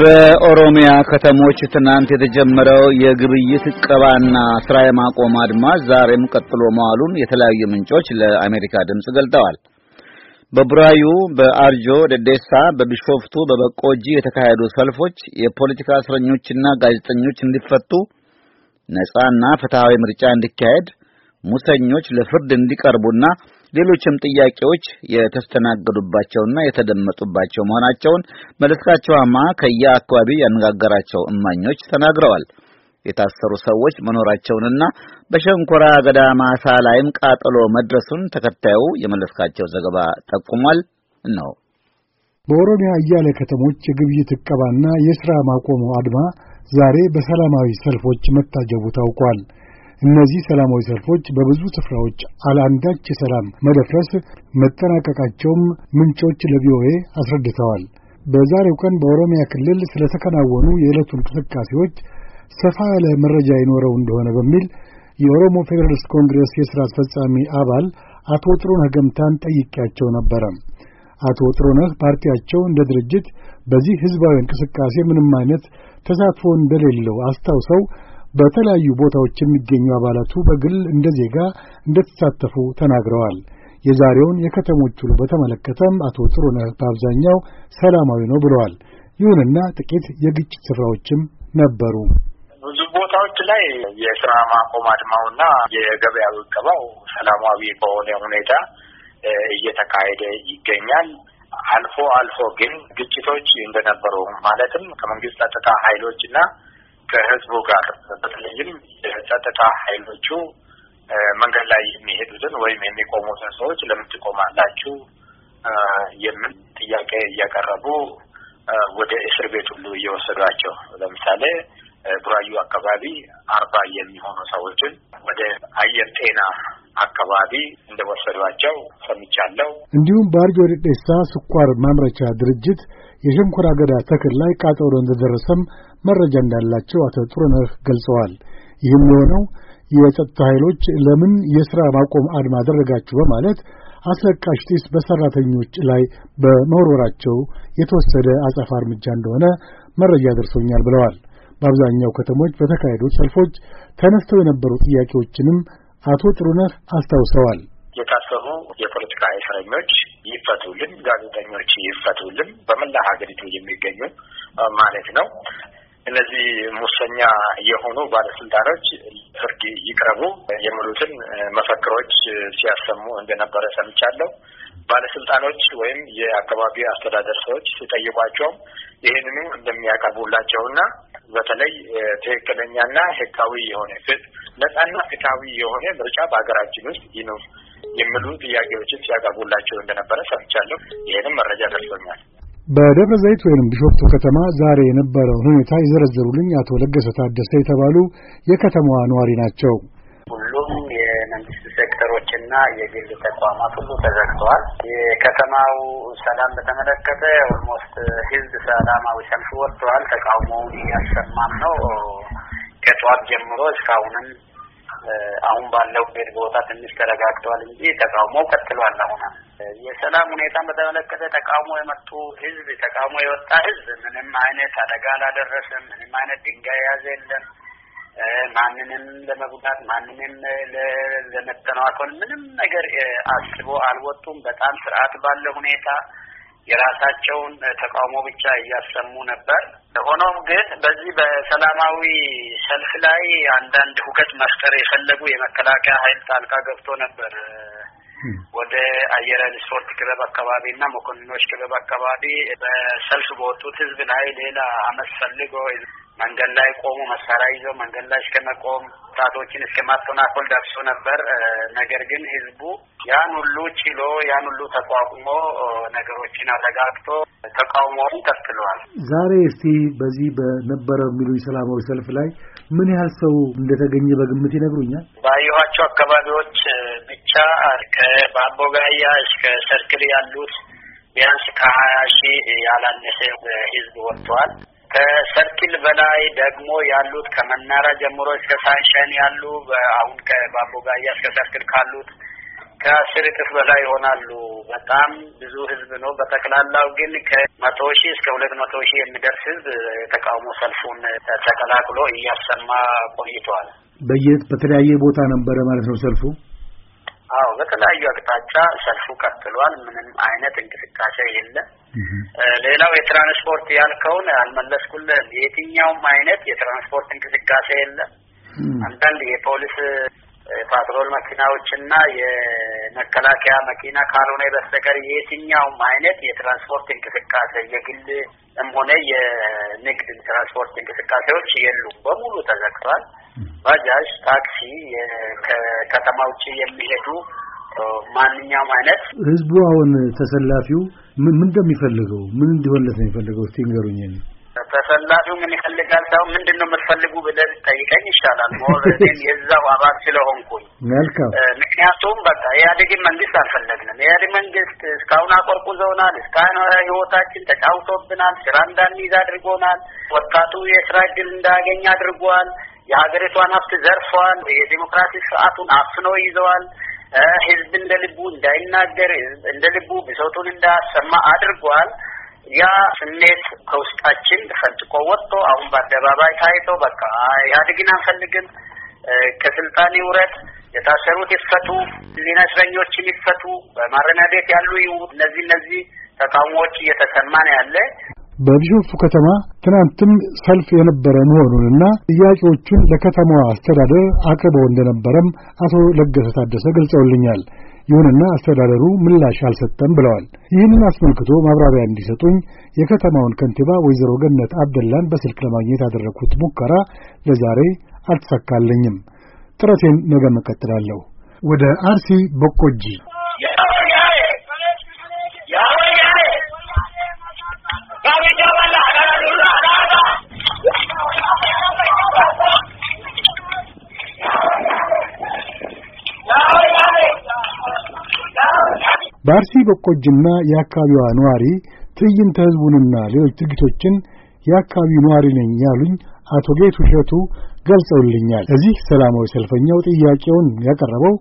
በኦሮሚያ ከተሞች ትናንት የተጀመረው የግብይት ቀባና ስራ የማቆም አድማ ዛሬም ቀጥሎ መዋሉን የተለያዩ ምንጮች ለአሜሪካ ድምፅ ገልጠዋል። በቡራዩ፣ በአርጆ፣ ደዴሳ፣ በቢሾፍቱ፣ በበቆጂ የተካሄዱ ሰልፎች የፖለቲካ እስረኞችና ጋዜጠኞች እንዲፈቱ፣ ነጻና ፍትሃዊ ምርጫ እንዲካሄድ፣ ሙሰኞች ለፍርድ እንዲቀርቡና ሌሎችም ጥያቄዎች የተስተናገዱባቸውና የተደመጡባቸው መሆናቸውን መለስካቸው አማ ከየአካባቢው ያነጋገራቸው እማኞች ተናግረዋል። የታሰሩ ሰዎች መኖራቸውንና በሸንኮራ አገዳ ማሳ ላይም ቃጠሎ መድረሱን ተከታዩ የመለስካቸው ዘገባ ጠቁሟል ነው። በኦሮሚያ አያሌ ከተሞች የግብይት ዕቀባና የሥራ ማቆሙ አድማ ዛሬ በሰላማዊ ሰልፎች መታጀቡ ታውቋል። እነዚህ ሰላማዊ ሰልፎች በብዙ ስፍራዎች አለአንዳች የሰላም መደፍረስ መጠናቀቃቸውም ምንጮች ለቪኦኤ አስረድተዋል። በዛሬው ቀን በኦሮሚያ ክልል ስለተከናወኑ የዕለቱ እንቅስቃሴዎች ሰፋ ያለ መረጃ ይኖረው እንደሆነ በሚል የኦሮሞ ፌዴራሊስት ኮንግሬስ የሥራ አስፈጻሚ አባል አቶ ጥሩነህ ገምታን ጠይቄያቸው ነበረ። አቶ ጥሩነህ ፓርቲያቸው እንደ ድርጅት በዚህ ሕዝባዊ እንቅስቃሴ ምንም አይነት ተሳትፎ እንደሌለው አስታውሰው በተለያዩ ቦታዎች የሚገኙ አባላቱ በግል እንደ ዜጋ እንደተሳተፉ ተናግረዋል። የዛሬውን የከተሞች ውሎ በተመለከተም አቶ ጥሩነህ በአብዛኛው ሰላማዊ ነው ብለዋል። ይሁንና ጥቂት የግጭት ስፍራዎችም ነበሩ። ብዙ ቦታዎች ላይ የስራ ማቆም አድማውና የገበያ ውቀባው ሰላማዊ በሆነ ሁኔታ እየተካሄደ ይገኛል። አልፎ አልፎ ግን ግጭቶች እንደነበሩ ማለትም ከመንግስት ጸጥታ ኃይሎች ከህዝቡ ጋር በተለይም የጸጥታ ኃይሎቹ መንገድ ላይ የሚሄዱትን ወይም የሚቆሙትን ሰዎች ለምን ትቆማላችሁ የምን ጥያቄ እያቀረቡ ወደ እስር ቤት ሁሉ እየወሰዷቸው ለምሳሌ ቡራዩ አካባቢ አርባ የሚሆኑ ሰዎችን ወደ አየር ጤና አካባቢ እንደወሰዷቸው ሰምቻለሁ። እንዲሁም በአርጆ ዴዴሳ ስኳር ማምረቻ ድርጅት የሸንኮራ አገዳ ተክል ላይ ቃጠሎ እንደደረሰም መረጃ እንዳላቸው አቶ ጥሩነህ ገልጸዋል። ይህም የሆነው የጸጥታ ኃይሎች ለምን የሥራ ማቆም አድማ አደረጋችሁ በማለት አስለቃሽ ጢስ በሠራተኞች ላይ በመወርወራቸው የተወሰደ አጸፋ እርምጃ እንደሆነ መረጃ ደርሶኛል ብለዋል። በአብዛኛው ከተሞች በተካሄዱት ሰልፎች ተነስተው የነበሩ ጥያቄዎችንም አቶ ጥሩነህ አስታውሰዋል። የታሰሩ የፖለቲካ እስረኞች ይፈቱልን፣ ጋዜጠኞች ይፈቱልን፣ በመላ ሀገሪቱ የሚገኙ ማለት ነው። እነዚህ ሙሰኛ የሆኑ ባለስልጣኖች ፍርድ ይቅረቡ የሚሉትን መፈክሮች ሲያሰሙ እንደነበረ ሰምቻለሁ። ባለስልጣኖች ወይም የአካባቢ አስተዳደር ሰዎች ሲጠይቋቸውም ይህንኑ እንደሚያቀርቡላቸውና በተለይ ትክክለኛና ህጋዊ የሆነ ፍትህ፣ ነጻና ፍትሃዊ የሆነ ምርጫ በሀገራችን ውስጥ ይኑር የሚሉ ጥያቄዎችን ሲያቀርቡላቸው እንደነበረ ሰምቻለሁ። ይህንም መረጃ ደርሶኛል። በደብረ ዘይት ወይም ቢሾፍቱ ከተማ ዛሬ የነበረውን ሁኔታ የዘረዘሩልኝ አቶ ለገሰ ታደሰ የተባሉ የከተማዋ ነዋሪ ናቸው። ሁሉም የመንግስት ሴክተሮችና የግል ተቋማት ሁሉ ተዘግተዋል። የከተማው ሰላም በተመለከተ ኦልሞስት ህዝብ ሰላማዊ ሰልፍ ወጥተዋል። ተቃውሞውን እያሰማም ነው። ከጠዋት ጀምሮ እስካሁንም አሁን ቤት ቦታ ትንሽ ተረጋግተዋል እንጂ ተቃውሞው ቀጥሏል አሁንም የሰላም ሁኔታን በተመለከተ ተቃውሞ የመጡ ህዝብ ተቃውሞ የወጣ ህዝብ ምንም አይነት አደጋ አላደረሰም። ምንም አይነት ድንጋይ የያዘ የለም። ማንንም ለመጉዳት ማንንም ለመተናኮል ምንም ነገር አስቦ አልወጡም። በጣም ስርዓት ባለ ሁኔታ የራሳቸውን ተቃውሞ ብቻ እያሰሙ ነበር። ሆኖም ግን በዚህ በሰላማዊ ሰልፍ ላይ አንዳንድ ሁከት መፍጠር የፈለጉ የመከላከያ ኃይል ጣልቃ ገብቶ ነበር። ወደ አየር ኃይል ስፖርት ክለብ አካባቢ እና መኮንኖች ክለብ አካባቢ በሰልፍ በወጡት ህዝብ ላይ ሌላ አመት ፈልጎ መንገድ ላይ ቆሙ፣ መሳሪያ ይዘው መንገድ ላይ እስከመቆም ወጣቶችን እስከ ማተናኮል ደርሶ ነበር። ነገር ግን ህዝቡ ያን ሁሉ ችሎ ያን ሁሉ ተቋቁሞ ነገሮችን አረጋግቶ ተቃውሞውን ቀጥለዋል። ዛሬ እስቲ በዚህ በነበረው የሚሉ ሰላማዊ ሰልፍ ላይ ምን ያህል ሰው እንደተገኘ በግምት ይነግሩኛል? ባየኋቸው አካባቢዎች ብቻ ከባቦ ጋያ እስከ ሰርክል ያሉት ቢያንስ ከሀያ ሺህ ያላነሰ ህዝብ ወጥተዋል። ከሰርኪል በላይ ደግሞ ያሉት ከመናራ ጀምሮ እስከ ሳንሸን ያሉ አሁን ከባቦጋያ እስከ ሰርኪል ካሉት ከአስር እጥፍ በላይ ይሆናሉ። በጣም ብዙ ህዝብ ነው። በጠቅላላው ግን ከመቶ ሺህ እስከ ሁለት መቶ ሺህ የሚደርስ ህዝብ የተቃውሞ ሰልፉን ተቀላቅሎ እያሰማ ቆይተዋል። በየት በተለያየ ቦታ ነበረ ማለት ነው ሰልፉ? አዎ፣ በተለያዩ አቅጣጫ ሰልፉ ቀጥሏል። ምንም አይነት እንቅስቃሴ የለም። ሌላው የትራንስፖርት ያልከውን አልመለስኩልህም። የትኛውም አይነት የትራንስፖርት እንቅስቃሴ የለም። አንዳንድ የፖሊስ ፓትሮል መኪናዎች እና የመከላከያ መኪና ካልሆነ በስተቀር የትኛውም አይነት የትራንስፖርት እንቅስቃሴ የግልም ሆነ የንግድ ትራንስፖርት እንቅስቃሴዎች የሉም፣ በሙሉ ተዘግቷል። ባጃጅ፣ ታክሲ፣ ከከተማ ውጭ የሚሄዱ ማንኛውም አይነት ህዝቡ አሁን ተሰላፊው ምን እንደሚፈልገው ምን እንዲሆንለት ነው የሚፈልገው? እስቲ ንገሩኝ። ተሰላፊው ምን ይፈልጋል ሳይሆን ምንድን ነው የምትፈልጉ ብለህ ጠይቀኝ ይሻላል። ሞር የዛው አባል ስለሆንኩኝ መልካም። ምክንያቱም በቃ ኢህአዴግን መንግስት አልፈለግንም። ኢህአዴግ መንግስት እስካሁን አቆርቁዘውናል፣ እስካሁን ህይወታችን ተጫውቶብናል፣ ስራ እንዳንይዝ አድርጎናል፣ ወጣቱ የስራ እድል እንዳያገኝ አድርጓል፣ የሀገሪቷን ሀብት ዘርፏል። የዲሞክራሲ ስርዓቱን አፍኖ ይዘዋል። ህዝብ እንደ ልቡ እንዳይናገር እንደ ልቡ ብሶቱን እንዳሰማ አድርጓል። ያ ስሜት ከውስጣችን ፈንጥቆ ወጥቶ አሁን በአደባባይ ታይቶ በቃ ኢህአዴግን አንፈልግም፣ ከስልጣን ይውረድ፣ የታሰሩት ይፈቱ፣ ህሊና እስረኞችን ይፈቱ፣ በማረሚያ ቤት ያሉ ይውጡ፣ እነዚህ እነዚህ ተቃውሞዎች እየተሰማ ነው ያለ በቢሾፍቱ ከተማ ትናንትም ሰልፍ የነበረ መሆኑንና ጥያቄዎቹን ለከተማዋ አስተዳደር አቅርበው እንደነበረም አቶ ለገሰ ታደሰ ገልጸውልኛል። ይሁንና አስተዳደሩ ምላሽ አልሰጠም ብለዋል። ይህንን አስመልክቶ ማብራሪያ እንዲሰጡኝ የከተማውን ከንቲባ ወይዘሮ ገነት አብደላን በስልክ ለማግኘት ያደረግኩት ሙከራ ለዛሬ አልተሳካልኝም። ጥረቴን ነገ መቀጥላለሁ። ወደ አርሲ በቆጂ በአርሲ በቆጅና የአካባቢዋ ነዋሪ ትዕይንተ ህዝቡንና ሌሎች ድርጊቶችን የአካባቢው ነዋሪ ነኝ ያሉኝ አቶ ጌቱ እሸቱ ገልጸውልኛል። እዚህ ሰላማዊ ሰልፈኛው ጥያቄውን ያቀረበው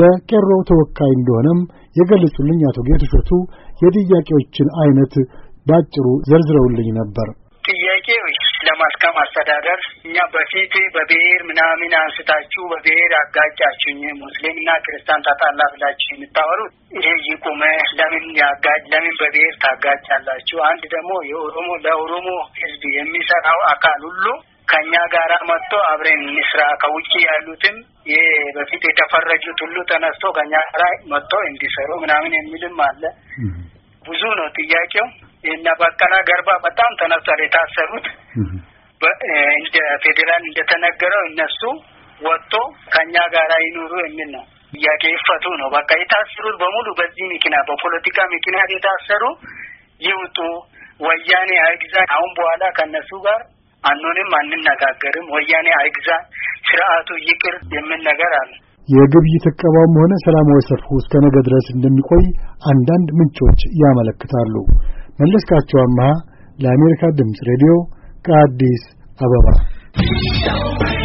ለቄሮ ተወካይ እንደሆነም የገለጹልኝ አቶ ጌቱ እሸቱ የጥያቄዎችን አይነት ባጭሩ ዘርዝረውልኝ ነበር። መልካም አስተዳደር እኛ በፊት በብሔር ምናምን አንስታችሁ በብሔር አጋጫችሁኝ ሙስሊምና ክርስቲያን ታጣላ ብላችሁ የምታወሩት ይሄ ይቁመ። ለምን ያጋጭ? ለምን በብሔር ታጋጫላችሁ? አንድ ደግሞ የኦሮሞ ለኦሮሞ ህዝብ የሚሰራው አካል ሁሉ ከኛ ጋር መጥቶ አብረን እንስራ። ከውጭ ያሉትም ይህ በፊት የተፈረጁት ሁሉ ተነስቶ ከእኛ ጋር መጥቶ እንዲሰሩ ምናምን የሚልም አለ። ብዙ ነው ጥያቄው። የእነ በቀለ ገርባ በጣም ተነስቷል የታሰሩት እንደ ፌዴራል እንደተነገረው እነሱ ወጥቶ ከኛ ጋር ይኑሩ የሚል ነው። ጥያቄ ይፈቱ ነው። በቃ የታሰሩት በሙሉ በዚህ ምክንያት በፖለቲካ ምክንያት የታሰሩ ይውጡ። ወያኔ አይግዛ አሁን በኋላ ከነሱ ጋር አንሆንም፣ አንነጋገርም። ወያኔ አይግዛ ስርዓቱ ይቅር የሚል ነገር አለ። የግብይት እቀባውም ሆነ ሰላማዊ ሰልፉ እስከ ነገ ድረስ እንደሚቆይ አንዳንድ ምንጮች ያመለክታሉ። መለስካቸው አምሃ ለአሜሪካ ድምፅ ሬዲዮ ከአዲስ አበባ